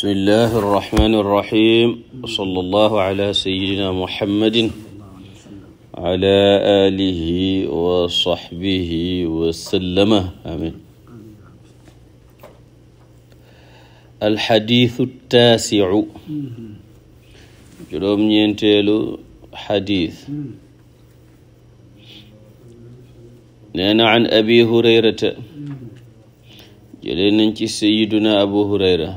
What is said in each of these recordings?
bismillahi irrahmani irrahim wasala allahu ala sayidina muhammadin waala alihi wa saxbihi wasallama amin alxadiisu taasicu juróom-ñeenteelu xadiis nee na an abi hurayrata jëlee nañ ci sayiduna abu hurayra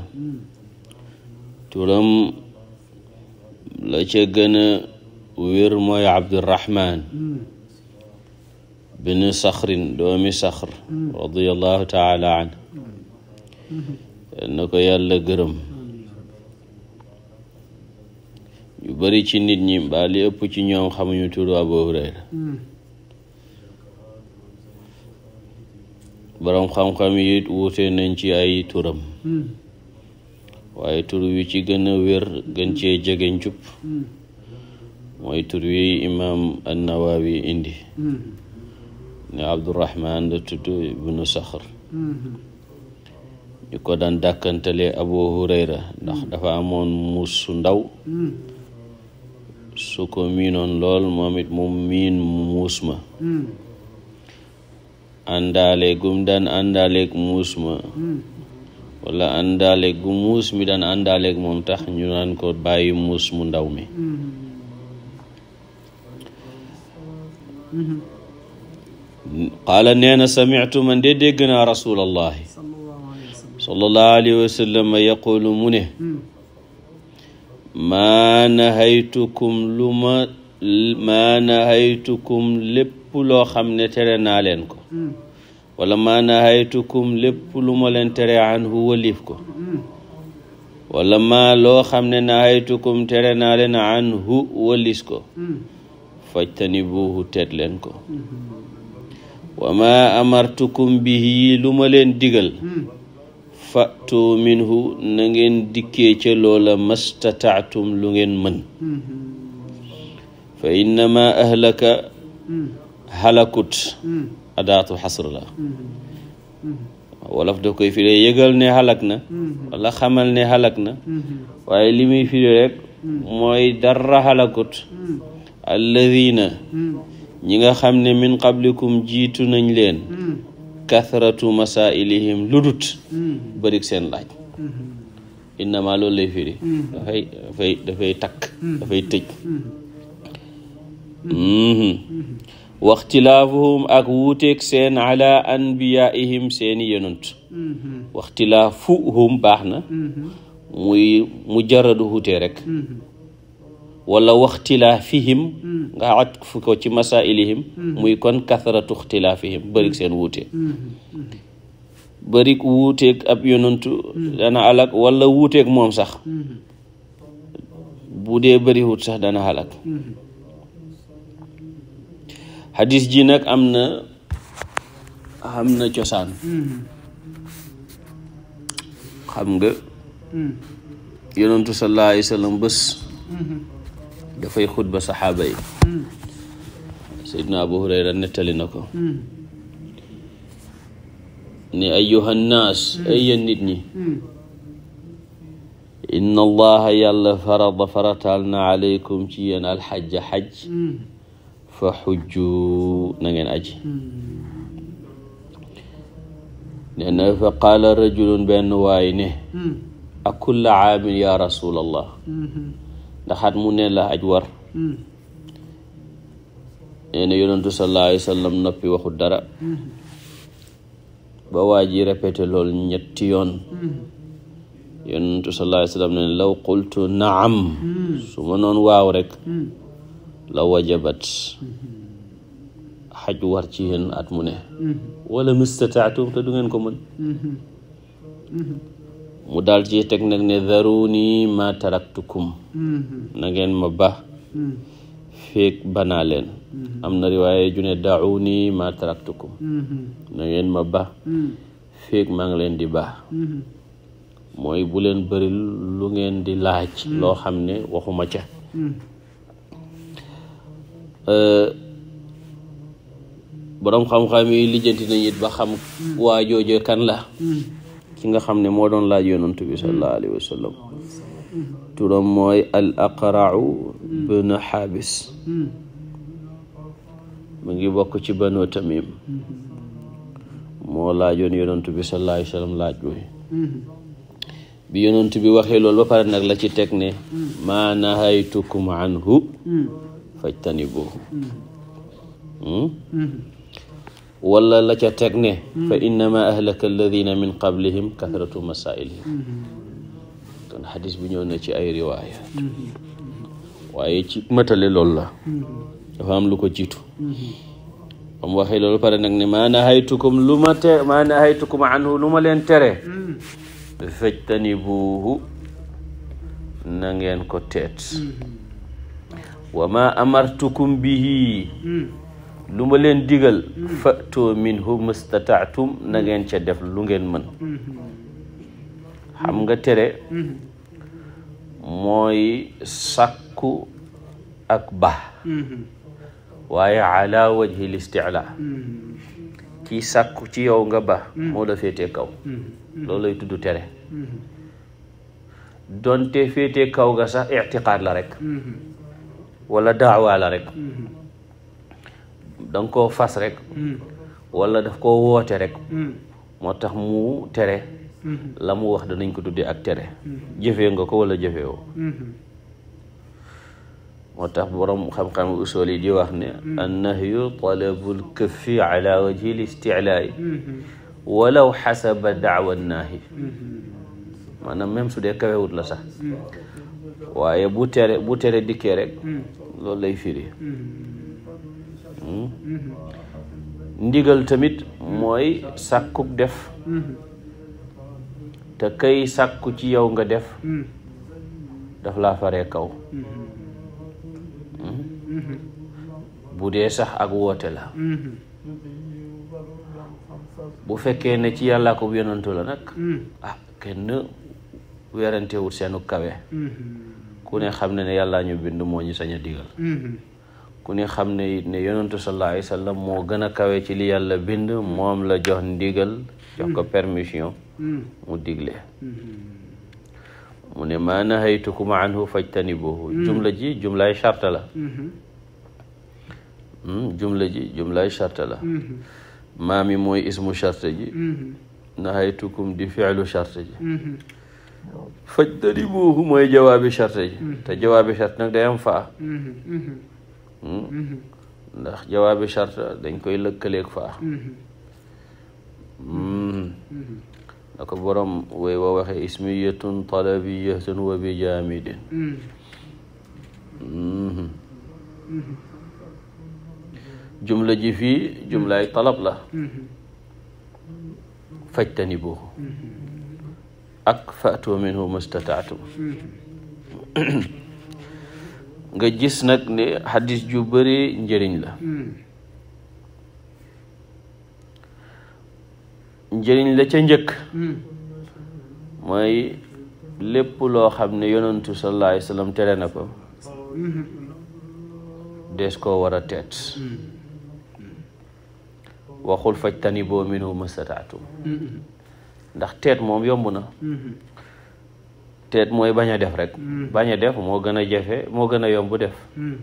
turam la ca gën a wér mooy abdirahman bin saxrin doomi saxr radiallahu taala an ko yàlla gërëm ñu bari ci nit ñi mbaa ëpp ci ñoom xamuñu turu abu hurayra boroom xam-xam yi wuute nañ ci ay turam waaye tur wi ci gën a wér gën cee jege njub mooy tur wi imaam annawawi indi ne abdurahman tudd ibnu saxr ñu ko daan dàkkantale abu hurayra ndax dafa amoon muus su ndaw su ko miinoon lool moom it mu miin muus ma àndaale daan àndaaleeg muus ma wala àndaale gu muus mi daan àndaaleeg moom tax ñu naan ko bàyyi mu ndaw mi qaala nee na samitu man de dégg naa rasulallahi sallallahu alayhi wa sallam mu ne maa nahaytukum lu ma maa nahaytukum lépp loo xam ne tere naa leen ko wala ma nahaytukum lépp lu ma leen tere anhu ko wala ma loo xam ne nahaytukum tere naa leen anhu wëlis ko fajtanibuhu teet leen ko wa ma amartukum bihi lu ma leen digal fatu minhu na ngeen dikkee ca loola mastataatum lu ngeen mën fa innama ahlaka halakut adaatu xasr la wolof da koy firee yëgal ne xalak na wala xamal ne xalak na waaye limuy muy rek mooy dara xalakut alladina ñi nga xam ne min qablikum jiitu nañ leen kathratu masailihim ludut bërik seen laaj innama loolu lay firi dafay takk dafay tëj waxtilaafuhum ak wuuteeg seen ala anbiyaihim seeni yenunt mm-hmm. waxtilaafuhum baax na mm-hmm. muy mujaradu wuutee rek mm-hmm. wala waxtilaafihim nga at fu ko ci masailihim muy kon kathratu ixtilaafihim bërig seen wuutee bërig wuuteeg ab yonantu dana alak wala wuuteeg moom sax bu dee bëriwut sax dana alak xadis ji nag am na am na cosaan xam nga yonentu sallallahu alayhi wa sallam bés dafay xutba saxaaba yi saydna abu hurayra nettali na ko ne ayyuhan naas ay nit ñi inna allaha yàlla farada farataal na aleykum ci yéen alxajja xaj fa xujju na ngeen aji fa qaala rajulun benn waay ne a kulla aamin ya rasulallah ndax mu ne la aj war nee na yonentu noppi waxul dara ba waa ji répété lool ñetti yoon yonentu sallallahu law qultu naam su ma waaw rek la wajabat xaj war ci yéen at mu ne wala mistataatum te du ngeen ko mën mu daal ci teg nag ne daruni ma taraktukum na ngeen ma ba feek banaa leen am na riwaaye ju ne dauni ma taraktukum na ngeen ma ba feek maa ngi leen di ba mooy bu leen bëri lu ngeen di laaj loo xam ne waxuma ca Euh, boroom xam-xam yi lijjanti nañ it ba xam waa jooje kan la ki nga xam ne moo doon laaj yonantu bi sallallahu alayhi turam mooy al aqrau bnu xaabis mu ngi bokk ci banu tamim moo laajoon yonantu bi sallallahu laaj bi bi yonantu bi ba pare nag la ci teg ne maa nahaytukum anhu faj tani bu mm-hmm. hmm? mm-hmm. wala la ca teg ne mm-hmm. fa innama ahlaka alladina min qablihim kathratu masailihim kon xadis bi ñëw na ci ay riwayat waaye ci matale loolu la dafa am lu ko jiitu am waxee loolu pare nag ne maa nahaytukum lu ma te maa nahaytukum anhu lu ma leen tere fajtanibuhu na ngeen ko teet wa ma amartukum bihi hmm. lu ma leen digal fatoo minhu mustataatum na ngeen ca def lu ngeen mën hmm. xam nga tere hmm. mooy sàkku ak ba waaye ala wajhi listicla kii sàkku ci yow nga ba moo la féetee kaw loolay tudd tere donte féetee kaw ga sax ictiqaad la rek wala daawa la rek mm-hmm. da koo fas rek mm-hmm. wala daf koo woote rek mm-hmm. moo tax mu tere la mu wax danañ ko tuddee ak tere jëfe nga ko wala jëfee woo moo tax borom xam-xam usool yi di wax ne annahyu talabul këffi ala wajhi l isticlaai walaw xasaba daawa naahi na même su dee kawewut la sax waaye bu tere bu tere dikkee rek hmm. loolu lay firi hmm. Hmm? ndigal tamit mooy sàkkuk def te kay sàkku ci yow nga def daf laa faree kaw bu dee sax ak woote la bu fekkee ne ci yàlla ko yonantu la nag ah kenn werantewul seenu kawe mm-hmm. ku ne xam ne ne yàllaa ñu bind moo ñu sañ digal mm-hmm. ku ne xam ne it ne yonentu sallallahu alayhi moo gën a kawe ci li yàlla bind moom la jox ndigal jox ko mm-hmm. permission mu digle mu ne maa nahaytukum anhu fajtanibuhu jumla ji jumlaay charte la hmm, jumla ji jumlaay charte la maa mi mooy ismu charte ji nahaytukum di fi'lu charte ji faj tari boobu mooy jawaabi charte ji mm-hmm. te jawaabi charte nag day am faa mm-hmm. mm-hmm. hmm? ndax jawaabi charte dañ koy lëkkaleek faa hmm. na borom way waxe ismiyatun talabiyatun wa bi jaamidin hmm. jumla ji fii jumlaay talab la faj tani boobu ak faatu minhu mastataatum nga gis nag ni xadis ju bëri njëriñ la njëriñ la ca njëkk mooy lépp loo xam ne yonantu sallallahu alayhi tere na ko des koo war a teet waxul fajtaniboo minhu mastataatum ndax teet moom yomb na mm-hmm. teet mooy bañ a def rek mm-hmm. bañ a def moo gën a jafe moo gën a yomb def mm-hmm.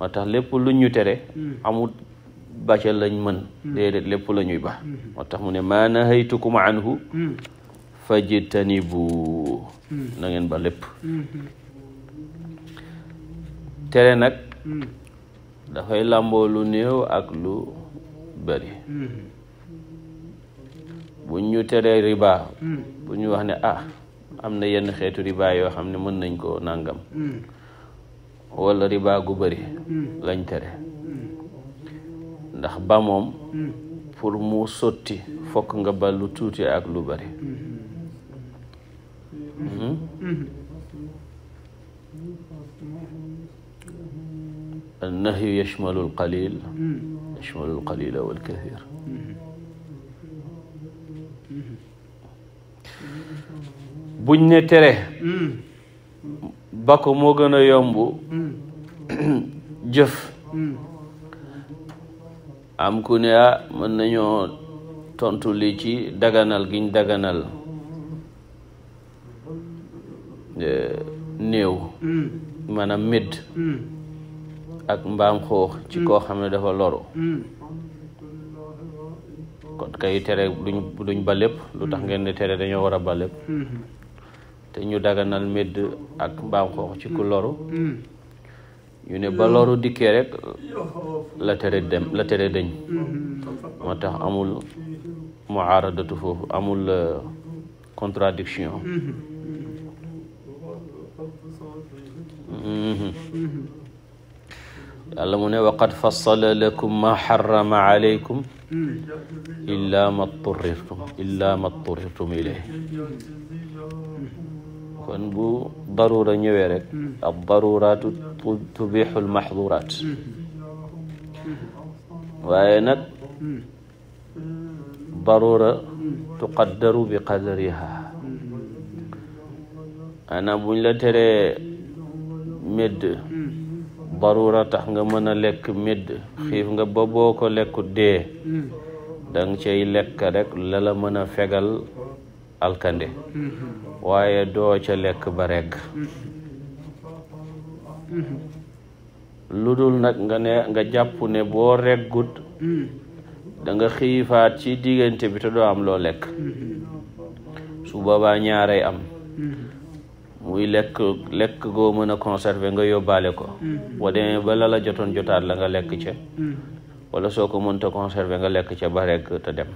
moo tax lépp lu ñu tere amul bàcca lañ mën déedéet lépp la ñuy ba moo tax mu ne maa nahaytukum anhu fajtanibu na ngeen ba lépp tere nag dafay làmboo lu néew ak lu bari buñ ñu teree riba hmm. bu ñu wax ne ah am na yenn xeetu riba yoo xam ne mën nañ koo nangam hmm. wala riba gu bari hmm. lañ tere ndax ba moom pour mu sotti fokk nga ba lu tuuti ak lu bëri annahyu yashmalu alqalil yashmalu alqalila walkathir buñ ne tere hmm. ba ko moo gën a yomb hmm. jëf hmm. am ku ne ah mën nañoo tontu li ci daganal giñ daganal néew maanaam mid ak mbaam xoox ci koo xam ne dafa loru kon kay tere duñ ba lépp lu tax ngeen tere dañoo war a ba lépp te ñu daganal medd ak mbaam xoox ci ku loru hmm. ñu ne ba loru dikkee rek hmm. la tere dem la tere dañ hmm. moo tax amul muaaradatu foofu amul euh, contradiction yàlla mu ne waqad fassala lakum ma xarama alaykum illa ma turrirtum illa ma turrirtum ilayh kon bu darura ñëwee rek hmm. ab daruraatu tubixul maxduraat hmm. hmm. waaye nag darura tuqaddaru bi qadariha maanaam buñ la teree médd darura tax nga mën a lekk medd xiif nga ba boo ko lekku dee dang cey lekk rek la la mën a fegal alkande waaye doo ca lekk ba regg lu dul nag nga ne nga jàpp ne boo reggut da nga xiifaat ci diggante bi te doo am loo lekk su boobaa ñaarey am muy lekk lekk goo mën a conserver nga yóbbaale ko boo demee ba la la jotoon jotaat la nga lekk ca wala soo ko mënta conserver nga lekk ca ba rekk te dem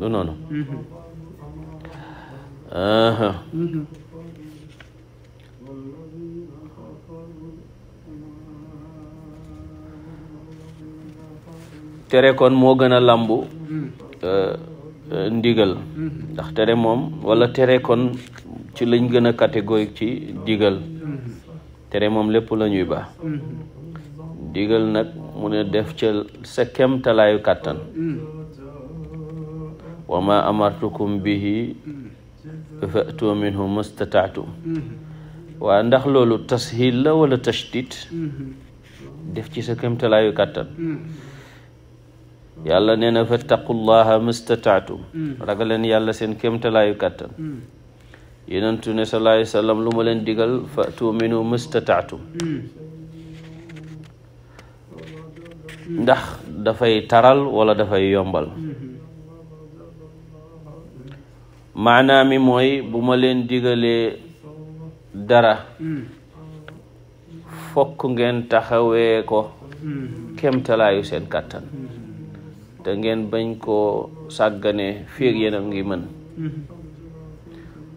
du noonu mm-hmm. uh-huh. mm-hmm. tere kon moo gën a làmbu mm-hmm. uh, uh, ndigal ndax tere moom walla tere kon ci lañ gën a catégorique ci digal tere moom lépp lañuy ñuy baax digal nag mu ne def ca sa kemtalaayu kàttan wa ma amartukum bihi fa'tu waa ndax loolu tashil la wala tashdid def ci sa kéemtalaayu kàttan yàlla nee na fattaqullaha mustataatum ragaleen yàlla seen kéemtalaayu kàttan yonent ne sallallahu alayhi lu ma leen digal fa'tu minhu mustataatum ndax dafay taral wala dafay yombal maanaam mi mooy bu ma leen digalee dara fokk ngeen taxawee ko kemtalaayu seen kàttan te ngeen bañ koo sàggane fiig yéen ngi mën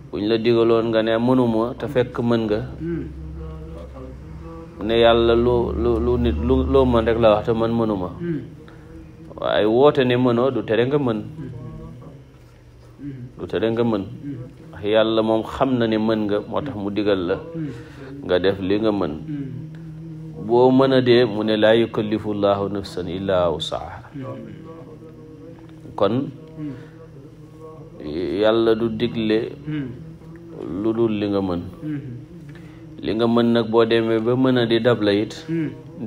buñ la digaloon nga ne mënuma te fekk mën nga ne yàlla lu lu lu nit loo mën rek la wax te man mënuma waaye woote ne mënoo du tere nga mën du mm-hmm. tere nga mën wax mm-hmm. yàlla moom xam na ne mën nga moo tax mu digal la mm-hmm. nga def li nga mën boo mën a dee mu ne laa yukallifu llahu nafsan illaa wusaha kon yàlla du digle lu dul li nga mën li nga mën nag boo demee ba mën a di dab la it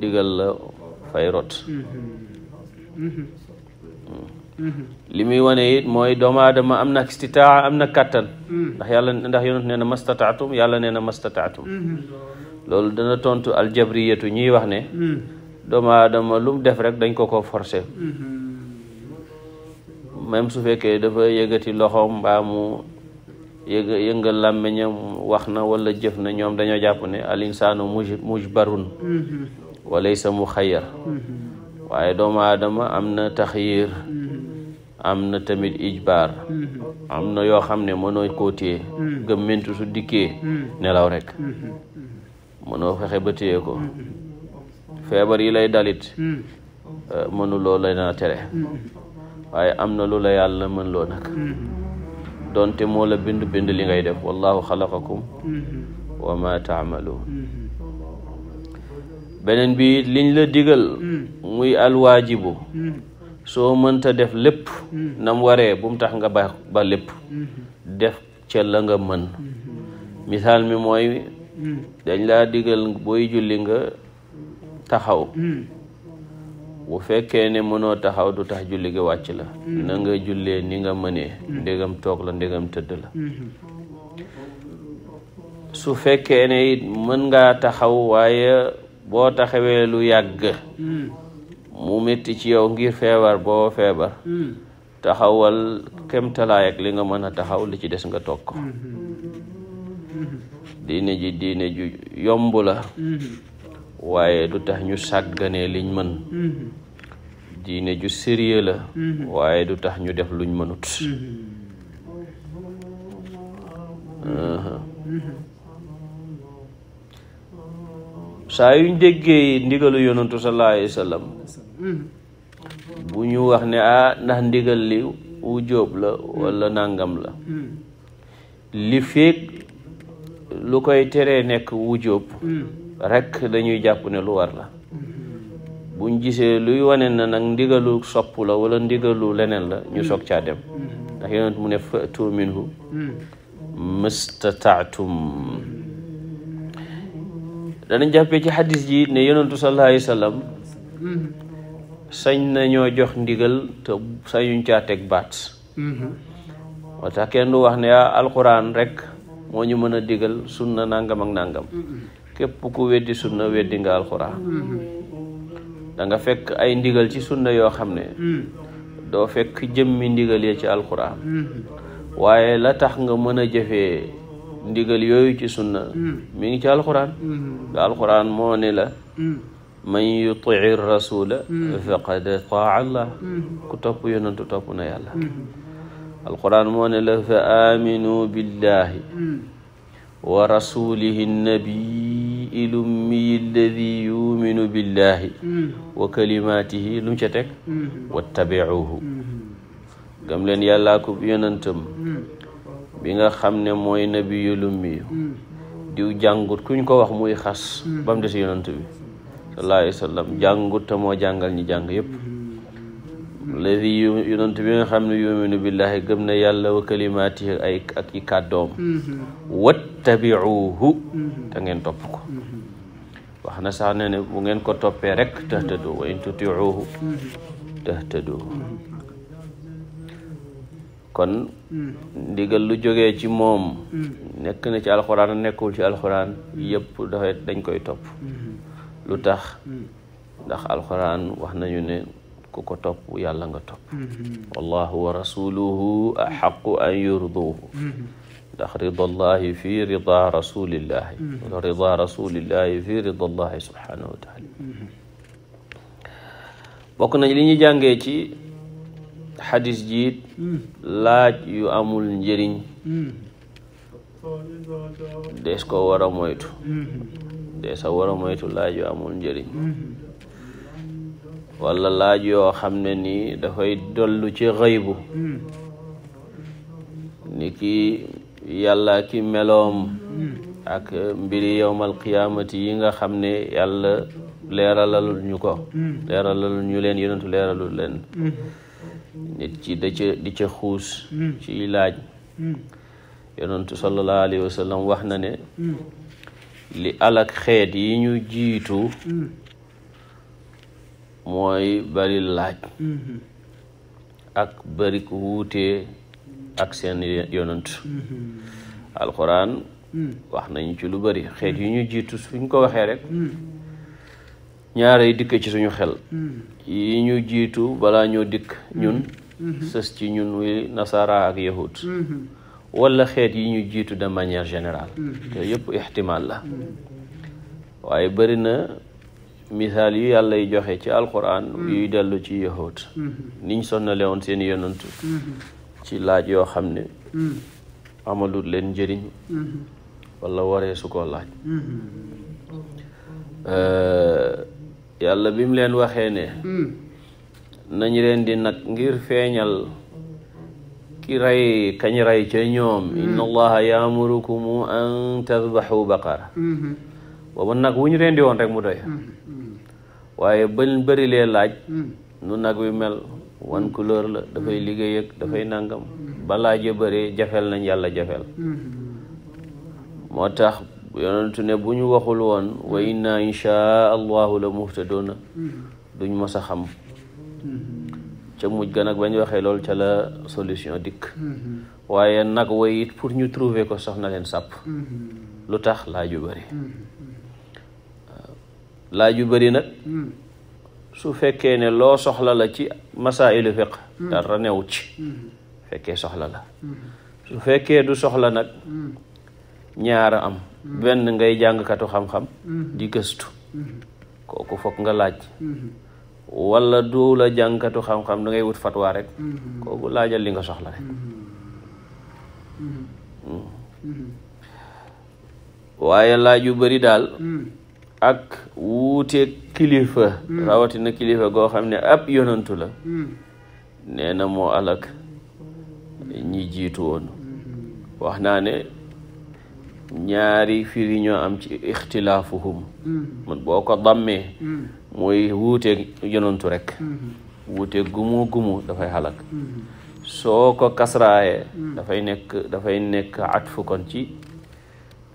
digal la fay rot mm. Mm-hmm. li muy wane mooy doom aadama am na istitaa am na kàttan mm-hmm. ndax yàlla ndax yonent nee na mastataatum yàlla nee na mastataatum mm-hmm. loolu dana tontu aljabriyatu ñuy wax ne doomu aadama lu def rek dañ ko ko forcé même su fekkee dafa yëgati loxoom mbaa mu yëg yëngal làmmiñam wax na wala jëf na ñoom dañoo jàpp ne al insaanu mujbarun walaysa mu xayar waaye doomu aadama am na taxyir am na tamit ijbaar mm-hmm. am na yoo xam ne mënoo koo téye mm-hmm. gëmmentu su dikkee mm-hmm. nelaw rek mënoo fexe ba téye ko feebar yi lay dalit euh, mënuloo la na tere waaye am na lu la yàlla mën loo nag donte moo la bind bind li ngay def wallahu xalaqakum wa ma taamaluun beneen bi liñ la digal muy alwaajibu soo mënta def lépp mm-hmm. nam waree bu mu tax nga ba ba lépp mm-hmm. def ca la nga mën mm-hmm. misaal mi mooy dañ laa digal booy julli nga taxaw bu fekkee ne mënoo taxaw du tax julli gi wàcc la na nga jullee ni nga mënee ndégam toog la ndégam tëdd la su fekkee ne it mën ngaa taxaw waaye boo taxawee lu yàgg mu metti ci yow ngir feebar boo feebar hmm. taxawal kem talaay li nga mën a taxaw li ci des nga toog ko hmm. diine ji diine ju yomb la hmm. waaye du tax ñu sàgganee liñ mën diine ju sérieux la waaye du tax ñu def luñ mënut uh-huh. saa yu déggee ndigalu yonantu sallallahu alayhi wa bu ñu wax ne ah ndax ndigal li wu la walla nàngam la li feeg lu koy tere nekk wu rekk dañuy jàpp ne lu war la buñ gisee luy wane na nag ndigalu sopp la walla ndigalu leneen la ñu soog caa dem ndax yonent mu ne fatu minhu mastataatum danañ jàppee ci xadis ji ne yonentu sallallahu alayhi wa sañ nañoo jox ndigal te sañuñ caa teg baat mhm. moo tax kenn du wax ne ah alquran rek moo ñu mën a digal sunna nangam ak nangam mhm. képp ku weddi sunna weddi nga alquran mhm. da fekk ay ndigal ci sunna yoo xam ne doo fekk jëmmi ndigal ya ci alquran waaye la tax nga mën a jëfe ndigal yooyu ci sunna mi ngi ci alquran da alquran moo ne la man yutii rasula faqad ataa allah mm-hmm. ku topp yonentu topp na yàlla mm-hmm. alquran moo ne la fa aminu billahi mm-hmm. wa rasulihi nnabii lummiyi alladi yuminu billahi wa kalimatihi lu mu ca teg wattabicuhu gëm leen yàllaa ko yonentam bi nga xam ne mooy nabiyu lummiyu diw jàngut kuñ ko wax muy xas ba mu des yonent bi sallallahu alayhi wa sallam jàngal ñi jàng yëpp léegi yu yonent bi xam ne yuminu gëm na yàlla wa kalimaatihi ay ak i mm-hmm. Mm-hmm. topp ko mm-hmm. wax na sax ne ne bu ngeen ko toppee rek tahtadu wa in kon ndigal lu jóge ci moom nekk na ci alxuraan nekkul ci alxuraan yëpp dafay dañ koy topp lu tax ndax alquran wax nañu ne ku ko topp yàlla nga topp wallahu wa rasuluhu axaqu an yurduhu ndax rida allahi fi rida rasulillahi wala rida rasulillahi fi rida allahi subhanahu wa taala bokk nañ li ñu jàngee ci xadis jiit laaj yu amul njëriñ des ko war a moytu de sa war a moytu laaj yu amul njëriñ mm-hmm. wala laaj yoo xam ne nii dafay dollu ci xëybu mm-hmm. ni ki yàlla ki meloom mm-hmm. ak mbiri yowmal qiyaamati yi nga xam ne yàlla leeralalul ñu ko leeralalul ñu leen yonentu leeralul leen nit ci da ca xuus ci laaj yonentu sallallahu alayhi wa wax na ne li alak xeet yi ñu jiitu mm. mooy bari laaj mm-hmm. ak bari ku wuute ak seen yonant mm-hmm. alxuraan mm. wax nañ ci lu bari xeet yi mm. ñu jiitu suñ ko waxee rek ñaare dikk ci suñu xel yi ñu jiitu balaa ñoo dikk ñun mm-hmm. sës ci ñun wi nasara ak yahud wala xeet yi ñu jiitu de manière générale te mm-hmm. yëpp ixtimaal la mm-hmm. waaye bëri na misaal yu yàllay joxe ci alquran mm-hmm. yuy dellu ci yahud niñ sonnale woon seen yonantu ci laaj yoo xam ne amalut leen njëriñ wala waree su ko laaj euh, yàlla bi mu leen waxee ne mm. nañ leen di nag ngir feeñal ki rey kañ rey ca ñoom mm-hmm. inna allaha yaamurukum an tadbaxu baqara mm-hmm. boobu nag wu ñu rendi woon rek mu doy mm-hmm. waaye bañ bëri lee laaj nu nag wi mel wan couleur la dafay liggéey dafay nangam ba laaj ya bëree jafel nañ yàlla jafel moo tax yonentu ne bu ñu waxul woon wa inna insha allahu la muhtadoona duñ mos xam ca mujj ga nag bañ waxee loolu ca la solution dikk mhm. waaye nag way pour ñu trouver ko soxna leen sàpp mhm. lu tax laaj yu bari mhm. euh, laaj yu bëri nag su fekkee ne loo soxla la ci masailu fiq dara newu ci fekkee soxla la su fekkee du soxla nag ñaara am benn ngay jàngkatu xam-xam di gëstu kooku foog nga laaj wala du la jànkatu xam-xam da wut fatwa rek mm-hmm. kooku laajal li nga soxla rek mm-hmm. Mm-hmm. waaye laaj yu bari daal ak wuuteeg kilifa rawatina kilifa goo xam ne ab yonantu la nee na moo alak ñi jiitu woon wax naa ne ñaari firi ñoo am ci ixtilaafuhum man boo ko dammee mooy wuuteeg yonantu rek mm-hmm. wuuteeg gumu gumu dafay xalak mm-hmm. soo ko kasraaye mm. dafay nekk dafay nekk atfu kon ci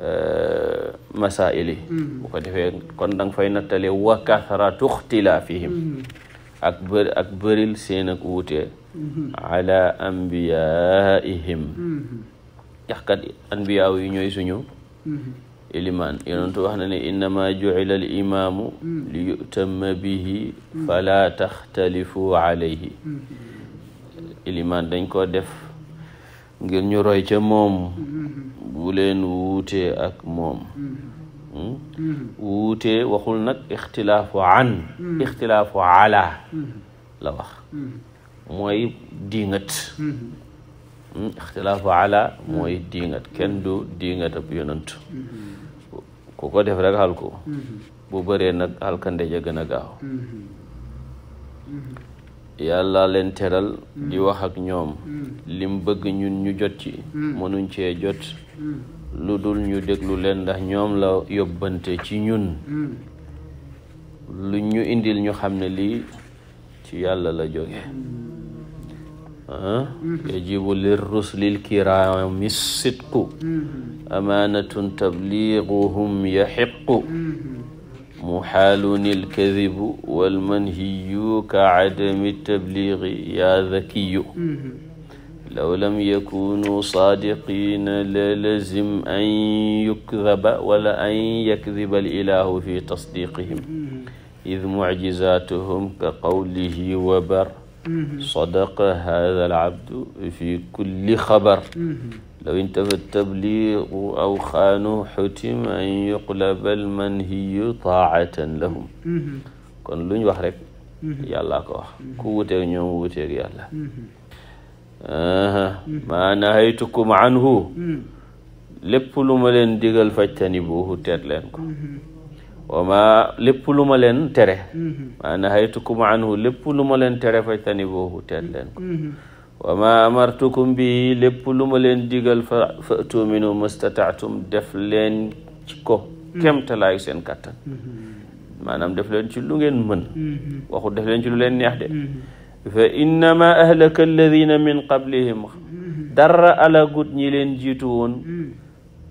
euh, masaili mm-hmm. bu ko defee kon da fay nattale wa kathratu ixtilaafihim ak bëri bëril seen ak wuute ala anbiyaihim ndax kat yi ñooy suñu ilimaan yonentu wax na ne innama jucila al imaamu bihi fala taxtalifu alayhi ilimaan dañ ko def ngir ñu roy ca moom bu leen ak moom wuutee waxul nag ixtilaafu an ala mooy diingat ixtilaafu ala mooy ku ko def rek xalku mhm. bu bëree nag xalkande ja gën a gaaw mhm. Mhm. yàlla leen teral di wax ak ñoom lim bëgg ñun ñu jot ci mënuñ cee jot lu dul ñu déglu leen ndax ñoom la yóbbante ci ñun lu ñu indil ñu xam ne lii ci yàlla la jóge yajibu lirrusulil kirami sidqu amaanatun tabliiguhum yaxiqu muxaalun ilkadibu walmanhiyu ka cadami tabliigi yaa dakiyu law lam yakunuu saadiqiina la lazim an yukdaba wala an yakdiba alilahu fi tasdiqihim id mucjizatuhum ka qawlihi wa bar sadaqa hada alabdu fi kulli xabar law intafa tabligu aw xaanu xutim an yuqlaba almanhiyu taatan lahum kon luñ wax rek mm-hmm. yàllaa ko wax mm-hmm. ku wuteeg ñoom wuteeg yàlla mm-hmm. maa nahaytukum anhu lépp lu ma leen digal fajtanibuhu teet leen ko wa ma lépp lu ma leen tere maa nahaytukum anhu lépp lu ma leen tere fajtanibuhu teet leen ko wa ma amartukum bi lépp lu ma leen digal fa fatu minu mastataatum def leen ci ko kemtalaayu seen kàttan maanaam def leen ci lu ngeen mën waxu def leen ci lu leen neex de fa innama ahlaka leen jiitu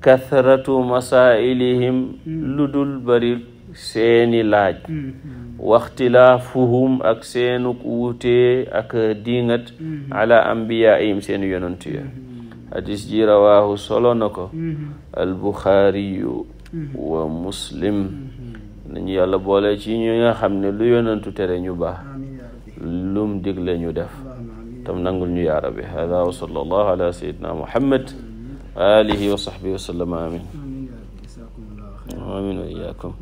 kathratu masailihim hmm. lu dul bari seeni laaj hmm, hmm. waxtilaafuhum ak seenuk wuute ak diingat ala ambiyaihim seeni yonent ya hadis ji rawaahu solo na ko albuxaariyu wa muslim nañu yàlla boole ci ñu nga xam ne lu yonentu tere ñu baax lum digle ñu def tam nangul ñu yaarabi hada wa sallallahu ala sayyidina muhammad wa alihi wa sahbihi wa sallam amin amin wa iyaakum